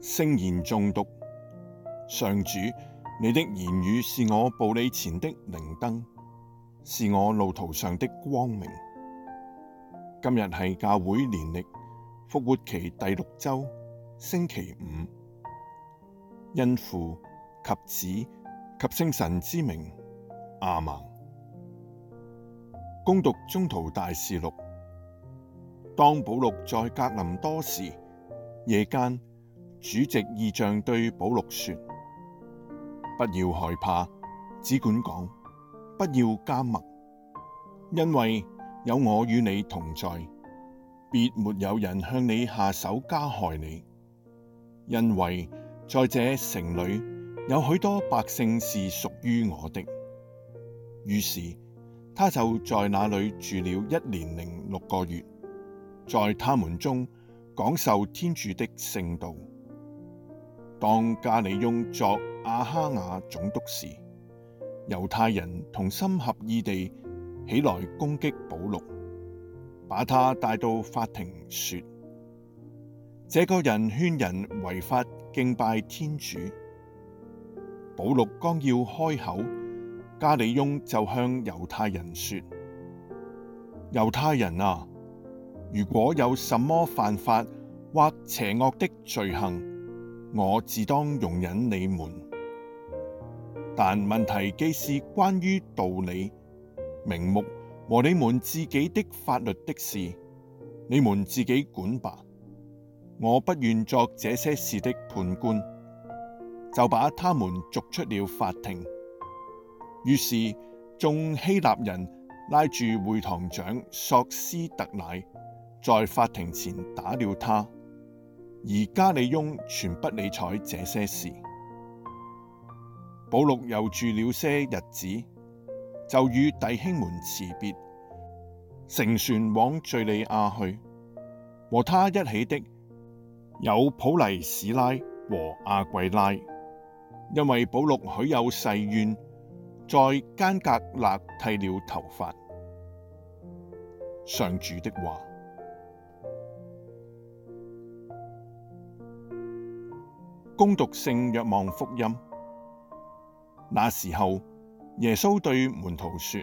聖言誦讀，上主，你的言語是我步履前的靈燈，是我路途上的光明。今日係教會年曆復活期第六周星期五，因父及子及聖神之名，阿門。恭讀宗徒大事錄，當保祿在格林多時，夜間。主藉異象對保祿說，不要害怕，只管講，不要緘默，因為有我與你同在，必沒有人向你下手加害你，因為在這城裏有許多百姓是屬於我的。於是他就在那裏住了一年零六個月，在他們中講授天主的聖道。當加里雍作阿哈雅總督時，猶太人同心合意地起來攻擊保祿，把他帶到法庭說：這個人勸人違法敬拜天主。保祿剛要開口，加里雍就向猶太人說：猶太人啊，如果有什麼犯法或邪惡的罪行，我自當容忍你們，但問題既是關於道理、名目和你們自己的法律的事，你們自己管吧。我不願作這些事的判官，就把他們逐出了法庭。於是眾希臘人拉住會堂長索斯特乃，在法庭前打了他。而加里雍全不理睬這些事。保祿又住了些日子，就與弟兄們辭別，乘船往敘利亞去。和他一起的有普黎史拉和阿桂拉。因為保祿許有誓願，在耕格勒剃了頭髮。上主的話。恭讀聖若望福音，那時候耶穌對門徒說：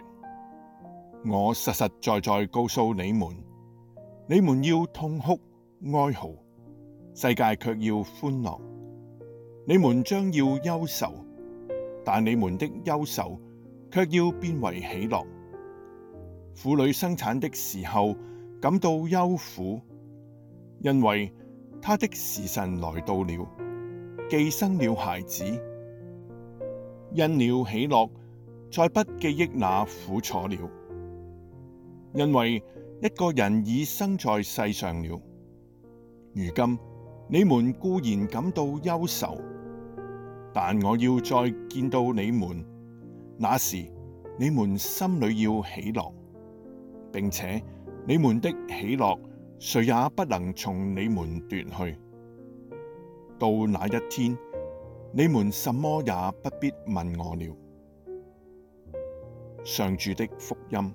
我實實在在告訴你們，你們要痛哭、哀號，世界卻要歡樂；你們將要憂愁，但你們的憂愁卻要變為喜樂。婦女生產的時候，感到憂苦，因為她的時辰來到了。既生了孩子，因了喜樂，再不記憶那苦楚了，因為一個人已生在世上了。如今，你們固然感到憂愁，但我要再見到你們，那時，你們心裏要喜樂，並且你們的喜樂誰也不能從你們奪去。到那一天，你們什麼也不必問我了。上主的福音。